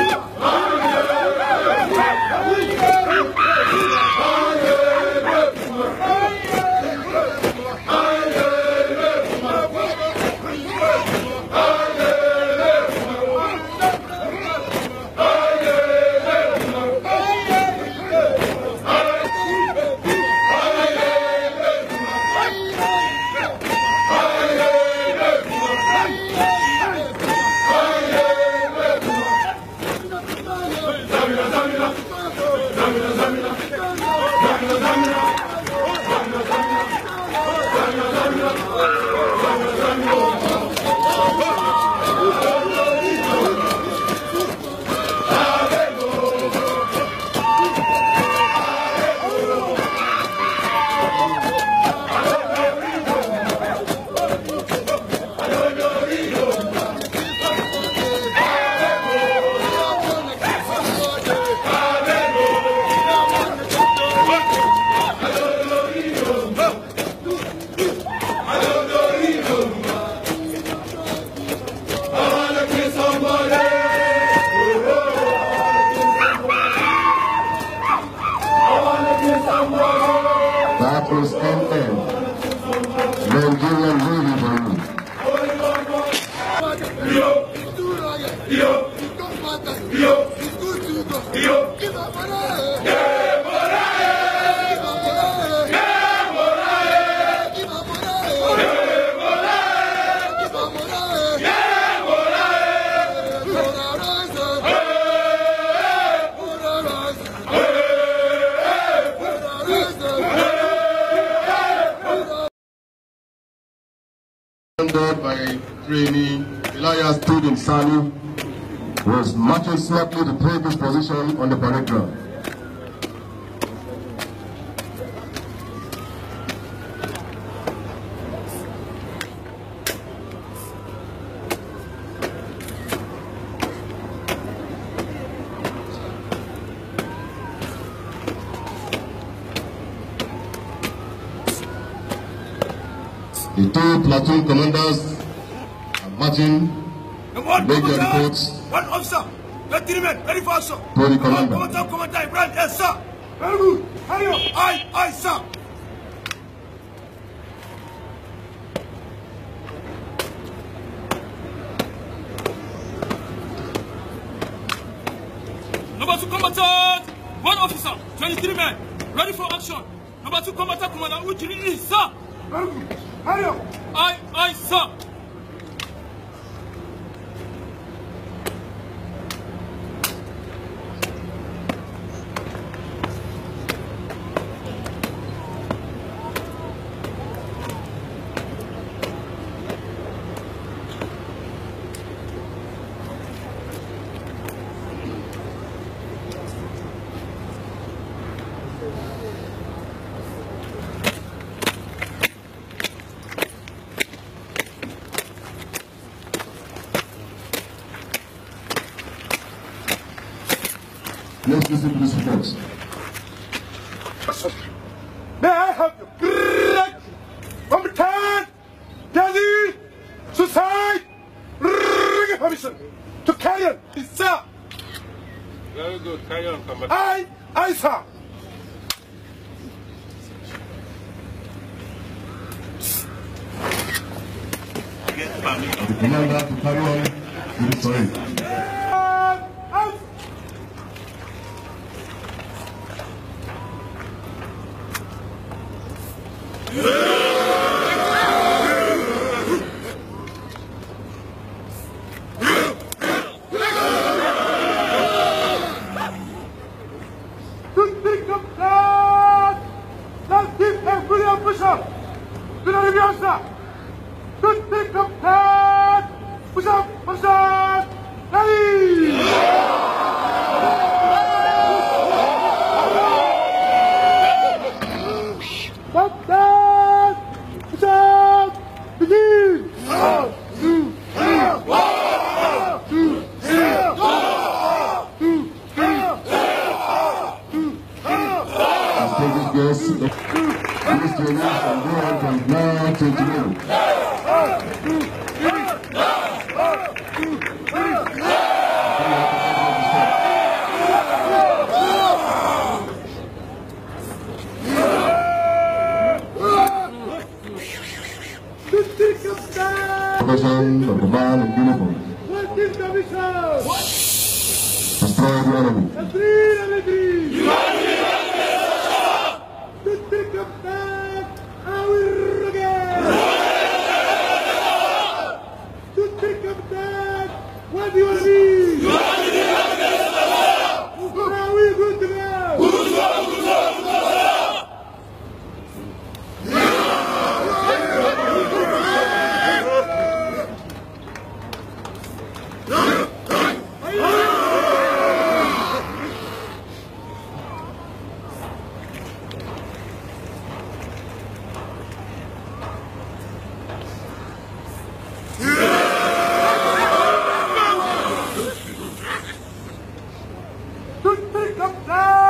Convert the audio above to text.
Vamos! constantes del Gillian Williman. Yo, yo, yo, yo, yo, yo, yo, yo, yo, yo, the Elias Stadium Sani was marching smartly to take his position on the parade ground. The two platoon commanders Martin, one make One officer, your three men, very fast, sir. To commander. Commander, commander, Ibrahim, yes, sir. Very good. Hurry up. Aye, aye, sir. Number two combatant, one officer, 23 men, ready for action. Number two commander, commander, Ujiri, sir. Very good. Hurry up. Aye, aye, sir. Let's listen to this voice. May I have the great from return Delhi society permission to carry on, sir. Very good, carry on, Commander. I, I, sir. permission. The commander to carry on. Sorry. Dikkat! Lan tip hep bunu yapmışım! Dönerim yoksa! Take this, this, this, this, this, this, this, this, this, this, design of the man in uniform. Destroy the enemy. What do you mean? Campo então tá.